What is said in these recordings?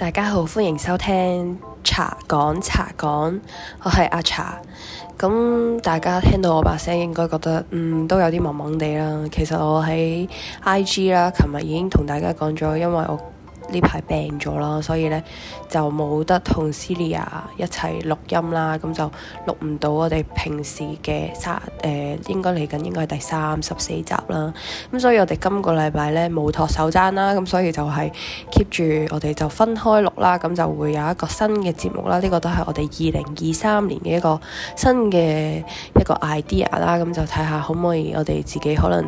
大家好，歡迎收聽茶講茶講，我係阿茶。咁大家聽到我把聲，應該覺得嗯都有啲懵懵地啦。其實我喺 IG 啦，琴日已經同大家講咗，因為我呢排病咗啦，所以咧就冇得同 Cilia 一齊錄音啦，咁就錄唔到我哋平時嘅三誒，應該嚟緊應該係第三十四集啦。咁所以我哋今個禮拜咧冇托手踭啦，咁所以就係 keep 住我哋就分開錄啦，咁就會有一個新嘅節目啦。呢個都係我哋二零二三年嘅一個新嘅一個 idea 啦。咁就睇下可唔可以我哋自己可能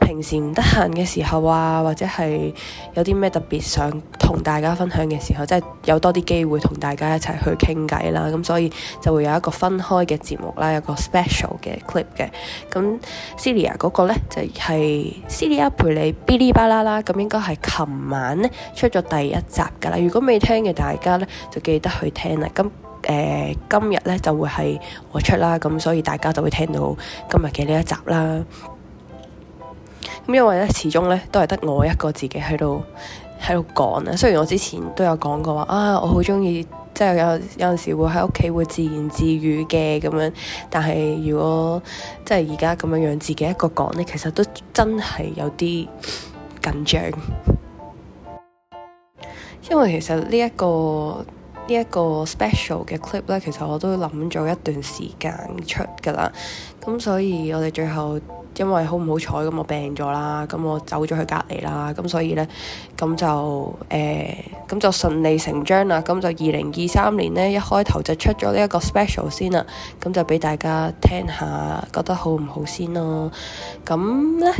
平時唔得閒嘅時候啊，或者係有啲咩特別想～同大家分享嘅時候，即係有多啲機會同大家一齊去傾偈啦。咁所以就會有一個分開嘅節目啦，有個 special 嘅 clip 嘅。咁 Celia 嗰個呢就係、是、Celia 陪你嗶哩吧啦啦，咁應該係琴晚呢出咗第一集噶啦。如果未聽嘅大家呢，就記得去聽啦。今誒、呃、今日呢，就會係我出啦，咁所以大家就會聽到今日嘅呢一集啦。咁因為呢，始終呢，都係得我一個自己喺度。喺度講啊！雖然我之前都有講過話啊，我好中意，即係有有陣時會喺屋企會自言自語嘅咁樣，但係如果即係而家咁樣樣自己一個講咧，其實都真係有啲緊張，因為其實呢一個。呢一個 special 嘅 clip 咧，其實我都諗咗一段時間出噶啦。咁所以我哋最後因為好唔好彩咁，我病咗啦，咁我走咗去隔離啦。咁所以呢，咁就誒，咁、呃、就順理成章啦。咁就二零二三年呢，一開頭就出咗呢一個 special 先啦。咁就俾大家聽下，覺得好唔好先咯。咁呢。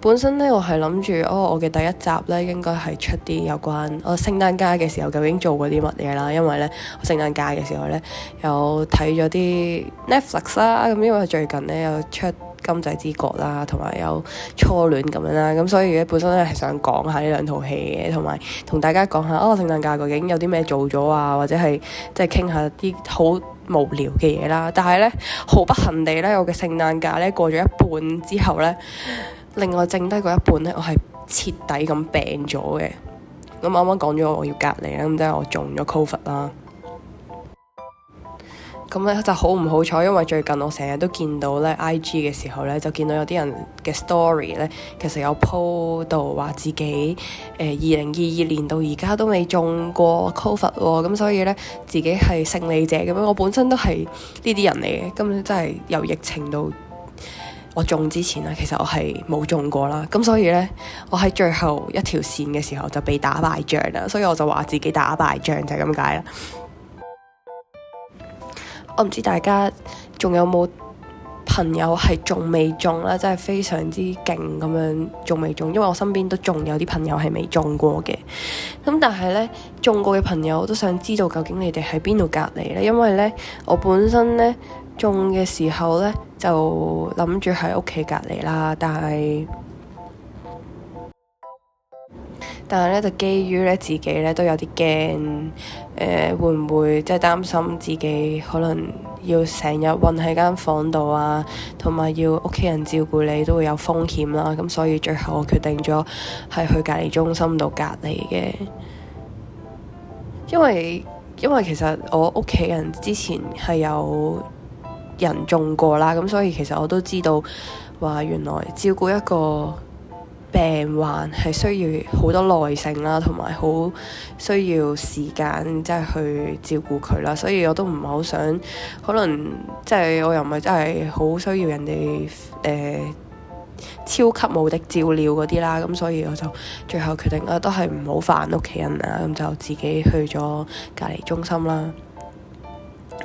本身咧，我係諗住哦，我嘅第一集咧，應該係出啲有關哦聖誕假嘅時候究竟做過啲乜嘢啦。因為咧我聖誕假嘅時候咧有睇咗啲 Netflix 啦，咁因為最近咧有出金仔之國啦，同埋有初戀咁樣啦，咁所以咧本身咧係想講下呢兩套戲嘅，同埋同大家講下哦聖誕假究竟有啲咩做咗啊，或者係即係傾下啲好無聊嘅嘢啦。但係咧好不幸地咧，我嘅聖誕假咧過咗一半之後咧。另外剩低嗰一半咧，我係徹底咁病咗嘅。咁啱啱講咗我要隔離啦，咁即係我中咗 Covid 啦。咁、嗯、咧就好唔好彩，因為最近我成日都見到咧 IG 嘅時候咧，就見到有啲人嘅 story 咧，其實有 po 到話自己誒二零二二年到而家都未中過 Covid 咁、嗯、所以咧自己係勝利者咁樣。我本身都係呢啲人嚟嘅，根、嗯、本真係由疫情到。我中之前呢，其實我係冇中過啦，咁所以呢，我喺最後一條線嘅時候就被打敗仗啦，所以我就話自己打敗仗就係咁解啦。 我唔知大家仲有冇朋友係仲未中啦，真係非常之勁咁樣仲未中，因為我身邊都仲有啲朋友係未中過嘅。咁但係呢，中過嘅朋友都想知道究竟你哋喺邊度隔離呢？因為呢，我本身呢。中嘅時候呢，就諗住喺屋企隔離啦，但係但係呢，就基於呢自己呢都有啲驚，誒、呃、會唔會即係擔心自己可能要成日困喺間房度啊，同埋要屋企人照顧你都會有風險啦，咁所以最後我決定咗係去隔離中心度隔離嘅，因為因為其實我屋企人之前係有。人中過啦，咁所以其實我都知道話原來照顧一個病患係需要好多耐性啦，同埋好需要時間即係、就是、去照顧佢啦，所以我都唔係好想，可能即係、就是、我又唔係真係好需要人哋誒、呃、超級無敵照料嗰啲啦，咁所以我就最後決定啊，都係唔好煩屋企人啊，咁就自己去咗隔離中心啦。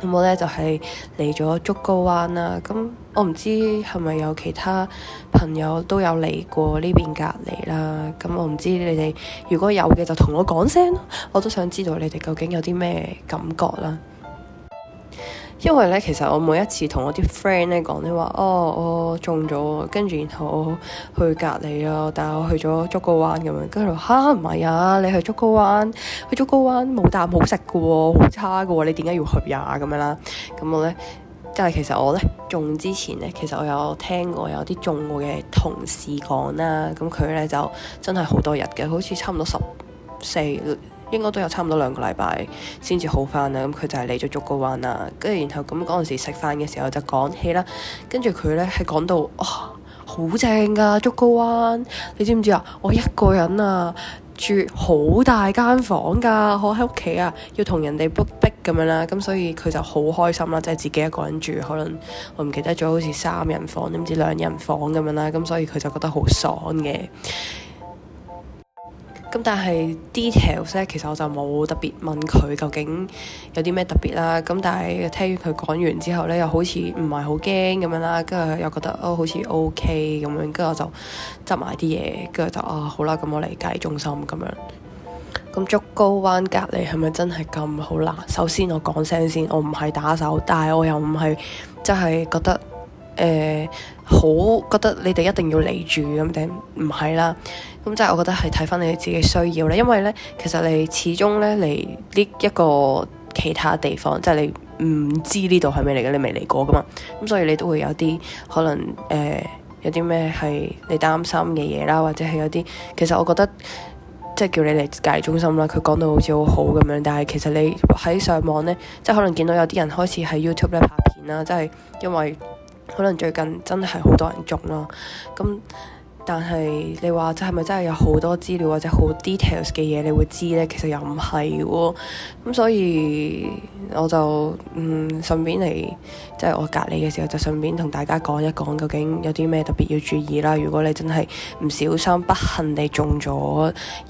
咁、嗯、我咧就係嚟咗竹篙灣啦，咁、嗯、我唔知係咪有其他朋友都有嚟過呢邊隔離啦，咁、嗯、我唔知你哋如果有嘅就同我講聲，我都想知道你哋究竟有啲咩感覺啦。因為咧，其實我每一次同我啲 friend 咧講咧話，哦，我中咗，跟住然後我去隔離啊，但係我去咗竹篙灣咁樣，跟住話哈，唔係啊，你去竹篙灣去竹篙灣冇啖好食嘅喎，好差嘅喎，你點解要去啊咁樣啦？咁我咧，但係其實我咧中之前咧，其實我有聽過有啲中過嘅同事講啦，咁佢咧就真係好多日嘅，好似差唔多十四。應該都有差唔多兩個禮拜先至好翻啦，咁佢就係嚟咗竹篙灣啦，跟住然後咁嗰陣時食飯嘅時候就講起啦，跟住佢咧係講到哇好、哦、正㗎竹篙灣，你知唔知啊？我一個人啊住好大間房㗎，我喺屋企啊要同人哋 book 逼咁樣啦，咁、嗯、所以佢就好開心啦，即係自己一個人住，可能我唔記得咗好似三人房點知兩人房咁樣啦，咁、嗯、所以佢就覺得好爽嘅。咁但係 details 咧，其實我就冇特別問佢究竟有啲咩特別啦。咁但係聽佢講完之後咧，又好似唔係好驚咁樣啦，跟住又覺得哦好似 OK 咁、啊、樣，跟住我就執埋啲嘢，跟住就啊好啦，咁我嚟隔離中心咁樣。咁竹篙灣隔離係咪真係咁好難？首先我講聲先，我唔係打手，但係我又唔係即係覺得。誒，呃，好覺得你哋一定要嚟住咁定唔係啦？咁即係我覺得係睇翻你哋自己需要啦。因為咧，其實你始終咧嚟呢一個其他地方，即係你唔知呢度係咩嚟嘅，你未嚟過噶嘛。咁所以你都會有啲可能誒，呃，有啲咩係你擔心嘅嘢啦，或者係有啲其實我覺得即係叫你嚟隔離中心啦，佢講到好似好好咁樣，但係其實你喺上網咧，即係可能見到有啲人開始喺 YouTube 咧拍片啦，即係因為。可能最近真係好多人中咯，咁。但係你話即係咪真係有好多資料或者好 details 嘅嘢你會知呢？其實又唔係喎，咁所以我就嗯順便嚟即係我隔離嘅時候就順便同大家講一講究竟有啲咩特別要注意啦。如果你真係唔小心不幸地中咗，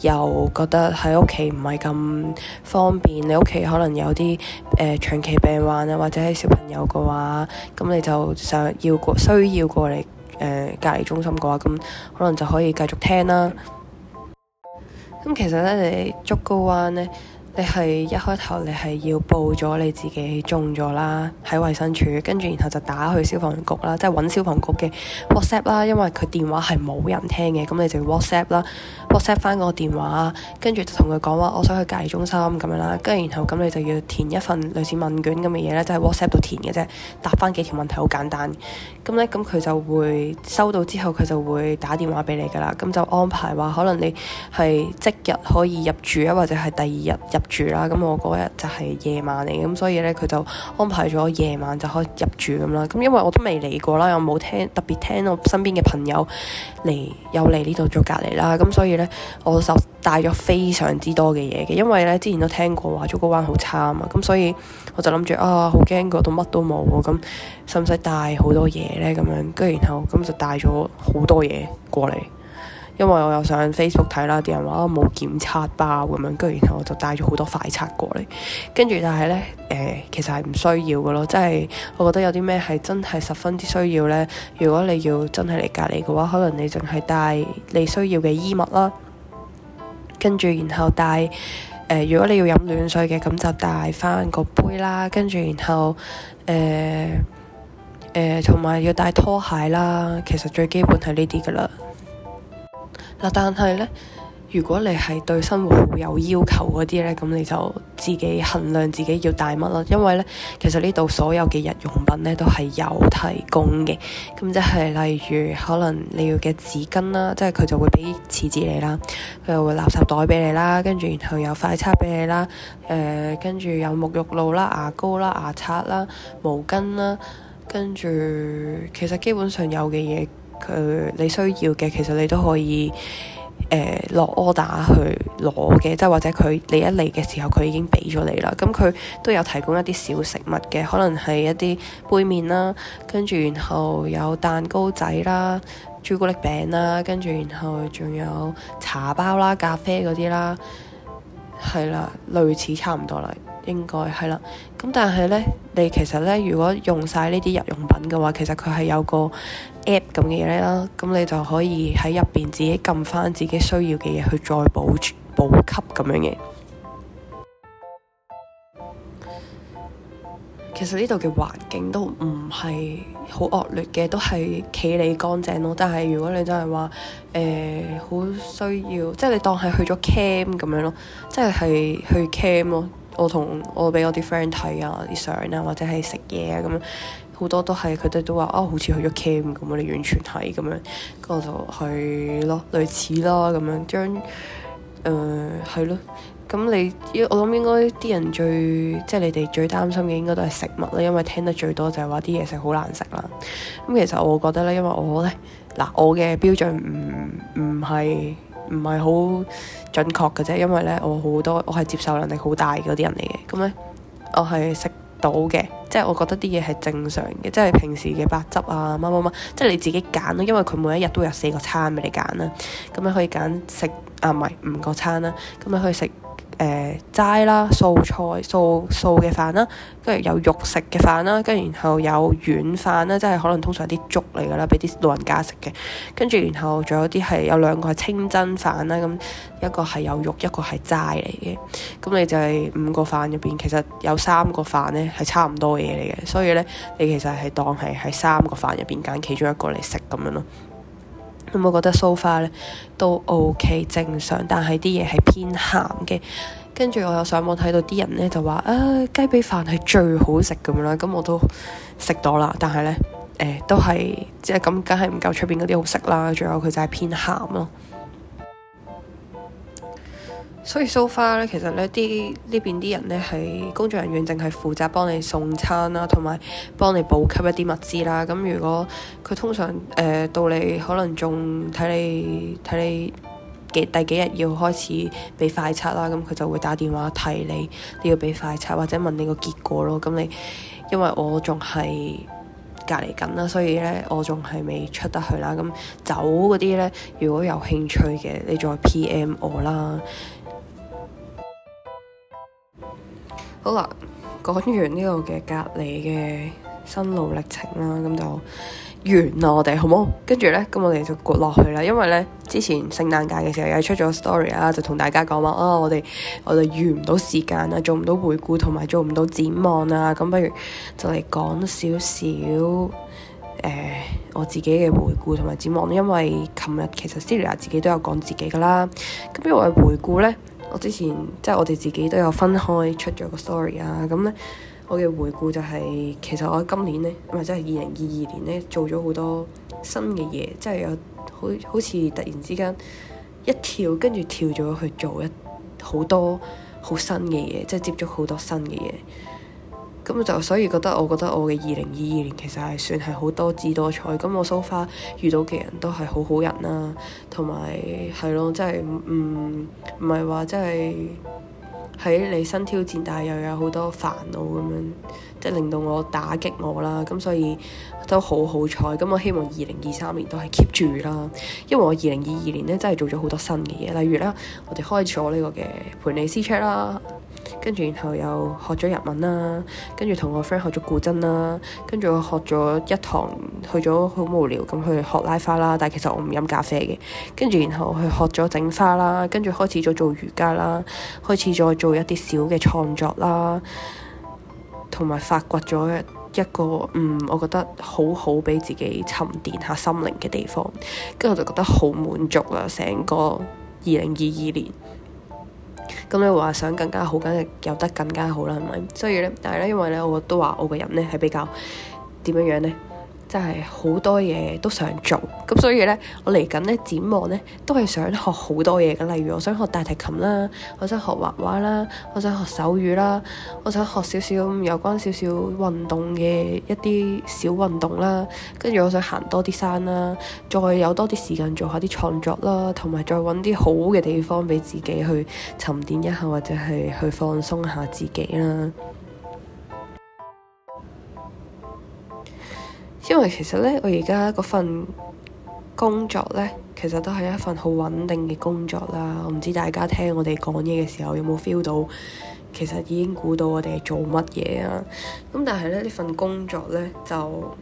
又覺得喺屋企唔係咁方便，你屋企可能有啲誒、呃、長期病患啊，或者係小朋友嘅話，咁你就想要過需要過嚟。誒、呃、隔離中心嘅話，咁可能就可以繼續聽啦。咁、嗯、其實咧，你竹篙灣咧。你係一開頭，你係要報咗你自己中咗啦，喺衞生署，跟住然後就打去消防局啦，即係揾消防局嘅 WhatsApp 啦，因為佢電話係冇人聽嘅，咁你就 WhatsApp 啦，WhatsApp 翻個電話，跟住就同佢講話，我想去隔離中心咁樣啦，跟住然後咁你就要填一份類似問卷咁嘅嘢咧，即係 WhatsApp 度填嘅啫，答翻幾條問題好簡單。咁呢，咁佢就會收到之後，佢就會打電話俾你噶啦，咁就安排話可能你係即日可以入住啊，或者係第二日入住啦，咁我嗰日就係夜晚嚟，咁所以咧佢就安排咗夜晚就可以入住咁啦。咁因為我都未嚟過啦，又冇聽特別聽我身邊嘅朋友嚟又嚟呢度做隔離啦，咁所以咧我就帶咗非常之多嘅嘢嘅，因為咧之前都聽過話竹篙灣好差啊嘛，咁所以我就諗住啊，好驚嗰度乜都冇啊，咁使唔使帶好多嘢咧？咁樣，跟住然後咁就帶咗好多嘢過嚟。因為我又上 Facebook 睇啦，啲人話啊冇檢測包咁樣，跟住然後我就帶咗好多快測過嚟。跟住但係呢，誒、呃、其實係唔需要嘅咯，即係我覺得有啲咩係真係十分之需要呢？如果你要真係嚟隔離嘅話，可能你淨係帶你需要嘅衣物啦，跟住然後帶誒、呃，如果你要飲暖水嘅，咁就帶翻個杯啦。跟住然後誒誒，同、呃、埋、呃、要帶拖鞋啦。其實最基本係呢啲㗎啦。但係呢，如果你係對生活好有要求嗰啲呢，咁你就自己衡量自己要帶乜啦。因為呢，其實呢度所有嘅日用品呢都係有提供嘅。咁即係例如，可能你要嘅紙巾啦，即係佢就會俾廁紙你啦，佢又會垃圾袋俾你啦，跟住然後有快餐俾你啦，誒、呃，跟住有沐浴露啦、牙膏啦、牙刷啦、毛巾啦，跟住其實基本上有嘅嘢。佢、呃、你需要嘅，其實你都可以誒落、呃、order 去攞嘅，即係或者佢你一嚟嘅時候，佢已經俾咗你啦。咁佢都有提供一啲小食物嘅，可能係一啲杯麵啦，跟住然後有蛋糕仔啦、朱古力餅啦，跟住然後仲有茶包啦、咖啡嗰啲啦，係啦，類似差唔多啦。應該係啦，咁但係呢，你其實呢，如果用晒呢啲日用品嘅話，其實佢係有個 app 咁嘅嘢咧啦，咁你就可以喺入邊自己撳翻自己需要嘅嘢去再補補給咁樣嘅。 其實呢度嘅環境都唔係好惡劣嘅，都係企理乾淨咯。但係如果你真係話誒好需要，即係你當係去咗 cam 咁樣咯，即係係去 cam 咯。我同我俾我啲 friend 睇啊啲相啊，或者係食嘢啊咁樣，好多都係佢哋都話啊、哦，好似去咗 camp 咁，我哋完全係咁樣，咁、呃、我就去咯，類似咯咁樣將誒係咯，咁你我諗應該啲人最即係你哋最擔心嘅應該都係食物啦，因為聽得最多就係話啲嘢食好難食啦。咁其實我覺得咧，因為我咧嗱，我嘅標準唔唔係。唔係好準確嘅啫，因為咧我好多我係接受能力好大嗰啲人嚟嘅，咁咧我係食到嘅，即係我覺得啲嘢係正常嘅，即係平時嘅白汁啊，乜乜乜，即係你自己揀囉，因為佢每一日都有四個餐俾你揀啦，咁你可以揀食啊，唔係五個餐啦，咁你可以食。誒、呃、齋啦，素菜素素嘅飯啦，跟住有肉食嘅飯啦，跟住然後有軟飯啦，即係可能通常啲粥嚟㗎啦，俾啲老人家食嘅。跟住然後仲有啲係有兩個係清真飯啦，咁一個係有肉，一個係齋嚟嘅。咁你就係五個飯入邊，其實有三個飯呢係差唔多嘢嚟嘅，所以呢，你其實係當係喺三個飯入邊揀其中一個嚟食咁樣咯。咁、嗯、我覺得蘇花咧都 O、okay, K，正常，但係啲嘢係偏鹹嘅。跟住我又上網睇到啲人咧就話，啊雞髀飯係最好食咁、嗯呃就是、樣啦，咁我都食到啦。但係咧誒都係即係咁，梗係唔夠出邊嗰啲好食啦。仲有佢就係偏鹹咯。所以 so far 咧，其實呢啲呢邊啲人呢，係工作人員，淨係負責幫你送餐啦，同埋幫你補給一啲物資啦。咁如果佢通常誒、呃、到你可能仲睇你睇你幾第，第幾日要開始俾快測啦，咁佢就會打電話提你你要俾快測，或者問你個結果咯。咁你因為我仲係隔離緊啦，所以呢，我仲係未出得去啦。咁走嗰啲呢，如果有興趣嘅，你再 PM 我啦。好啦，講完呢個嘅隔離嘅心路歷程啦，咁就完啦，我哋好冇？跟住呢？咁我哋就過落去啦。因為呢，之前聖誕假嘅時候又出咗 story 啦，就同大家講話啊，我哋我哋預唔到時間啦，做唔到回顧同埋做唔到展望啦。咁不如就嚟講少少誒，我自己嘅回顧同埋展望。因為琴日其實 Silvia 自己都有講自己噶啦。咁不如回顧呢。我之前即係我哋自己都有分開出咗個 story 啊，咁咧我嘅回顧就係、是、其實我今年咧，唔係即係二零二二年咧做咗好多新嘅嘢，即係有好好似突然之間一跳，跟住跳咗去做一好多好新嘅嘢，即係接觸好多新嘅嘢。咁就所以覺得我覺得我嘅二零二二年其實係算係好多姿多彩。咁我 so far 遇到嘅人都係好好人啦、啊，同埋係咯，即係唔唔唔係話即係喺你新挑戰，但係又有好多煩惱咁樣。即令到我打擊我啦，咁所以都好好彩。咁我希望二零二三年都係 keep 住啦。因為我二零二二年咧真係做咗好多新嘅嘢，例如啦，我哋開咗呢個嘅 podcast 啦，跟住然後又學咗日文啦，跟住同我 friend 學咗古箏啦，跟住我學咗一堂去咗好無聊咁去學拉花啦。但係其實我唔飲咖啡嘅。跟住然後去學咗整花啦，跟住開始咗做瑜伽啦，開始咗做一啲小嘅創作啦。同埋發掘咗一一個，嗯，我覺得好好俾自己沉澱下心靈嘅地方，跟住我就覺得好滿足啦！成個二零二二年，咁、嗯、你話想更加好，梗係有得更加好啦，係咪？所以咧，但係咧，因為咧，我都話我個人咧係比較點樣樣咧。真係好多嘢都想做，咁所以呢，我嚟緊呢展望呢，都係想學好多嘢㗎。例如，我想學大提琴啦，我想學畫畫啦，我想學手語啦，我想學少少有關少少運動嘅一啲小運動啦。跟住，我想行多啲山啦，再有多啲時間做下啲創作啦，同埋再揾啲好嘅地方俾自己去沉澱一下，或者係去放鬆下自己啦。因為其實咧，我而家嗰份工作咧，其實都係一份好穩定嘅工作啦。我唔知大家聽我哋講嘢嘅時候有冇 feel 到，其實已經估到我哋係做乜嘢啊？咁但係咧，呢份工作咧就，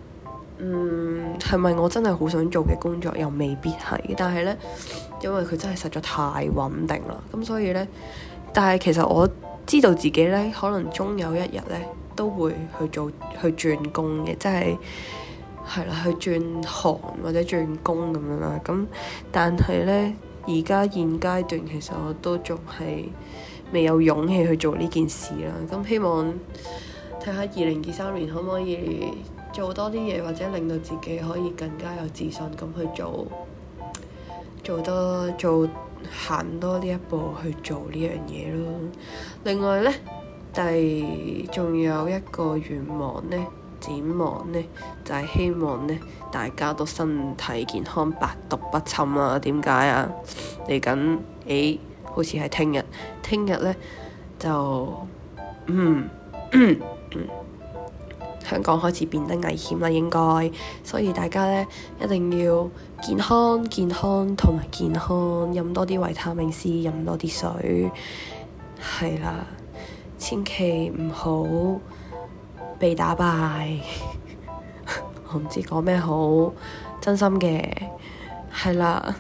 嗯，係咪我真係好想做嘅工作？又未必係。但係咧，因為佢真係實在太穩定啦，咁所以咧，但係其實我知道自己咧，可能終有一日咧，都會去做，去轉工嘅，即係。係啦，去轉行或者轉工咁樣啦。咁但係呢，而家現階段其實我都仲係未有勇氣去做呢件事啦。咁希望睇下二零二三年可唔可以做多啲嘢，或者令到自己可以更加有自信咁去做，做多、做、行多呢一步去做呢樣嘢咯。另外呢，第仲有一個願望呢。展望呢，就係、是、希望呢，大家都身體健康，百毒不侵啦。點解啊？嚟緊，哎、欸，好似係聽日，聽日呢，就嗯嗯，嗯，香港開始變得危險啦，應該。所以大家呢，一定要健康、健康同埋健康，飲多啲維他命 C，飲多啲水，係啦，千祈唔好被打敗， 我唔知講咩好，真心嘅係啦，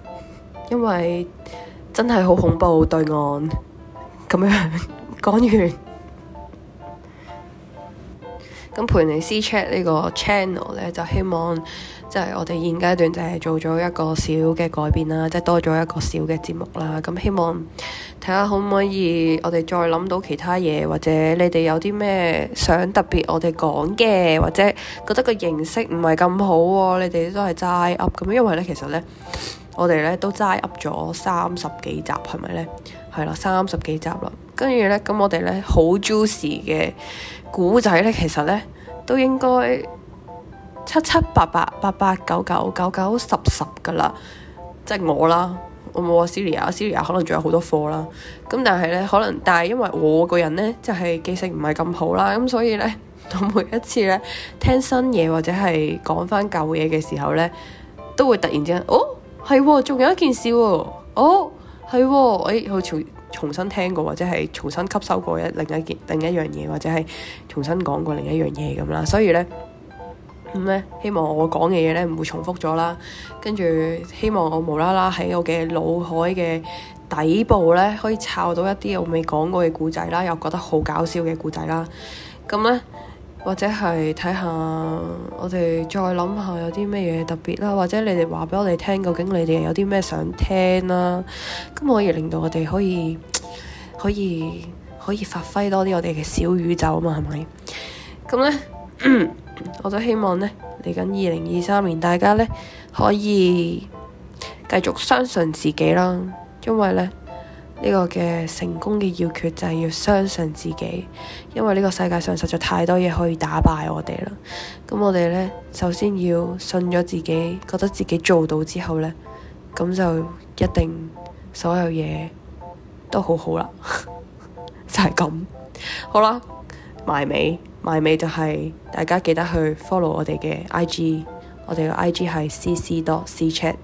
因為真係好恐怖，對岸咁 樣講說完，咁 陪你私 check 呢個 channel 咧，就希望。即係我哋現階段就係做咗一個小嘅改變啦，即係多咗一個小嘅節目啦。咁希望睇下可唔可以，我哋再諗到其他嘢，或者你哋有啲咩想特別我哋講嘅，或者覺得個形式唔係咁好喎，你哋都係齋噏咁。因為呢其實呢，我哋呢都齋噏咗三十幾集，係咪呢？係啦，三十幾集啦。跟住呢，咁我哋呢，好 juicy 嘅古仔呢，其實呢，都應該。七七八八八八九九九九十十噶啦，即係我啦，我冇話 Siri 啊，Siri 可能仲有好多課啦。咁但係咧，可能但係因為我個人咧，就係記性唔係咁好啦。咁所以咧，我每一次咧聽新嘢或者係講翻舊嘢嘅時候咧，都會突然之間，哦，係、哦，仲有一件事哦，哦，係、哦，誒、哎，好似重新聽過或者係重新吸收過一另一，另一件另一樣嘢或者係重新講過另一樣嘢咁啦。所以咧。咁咧、嗯，希望我講嘅嘢咧唔會重複咗啦，跟住希望我無啦啦喺我嘅腦海嘅底部咧，可以抄到一啲我未講過嘅故仔啦，又覺得好搞笑嘅故仔啦。咁、嗯、咧，或者係睇下我哋再諗下有啲咩嘢特別啦，或者你哋話俾我哋聽，究竟你哋有啲咩想聽啦、啊？咁可以令到我哋可以可以可以發揮多啲我哋嘅小宇宙啊嘛，係、嗯、咪？咁、嗯、咧。嗯嗯嗯嗯嗯我都希望呢，嚟緊二零二三年，大家呢可以繼續相信自己啦，因為呢，呢、呢個嘅成功嘅要訣就係要相信自己，因為呢個世界上實在太多嘢可以打敗我哋啦。咁我哋呢，首先要信咗自己，覺得自己做到之後呢，咁就一定所有嘢都好好啦， 就係咁。好啦，埋尾。埋尾就係大家記得去 follow 我哋嘅 IG，我哋嘅 IG 係 cc dot cchat，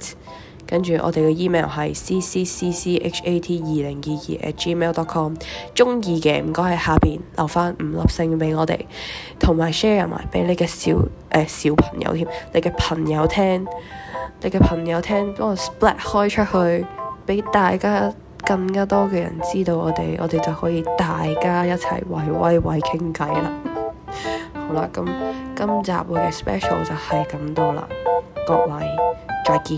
跟住我哋嘅 email 係 cccchat 二零二二 at gmail dot com。中意嘅唔該喺下邊留返五粒星俾我哋，同埋 share 埋俾你嘅小誒、呃、小朋友添，你嘅朋友聽，你嘅朋友聽，幫我 split 開出去，俾大家更加多嘅人知道我哋，我哋就可以大家一齊圍威威傾偈啦～好啦，咁今，今集我嘅 special 就係咁多啦，各位再見。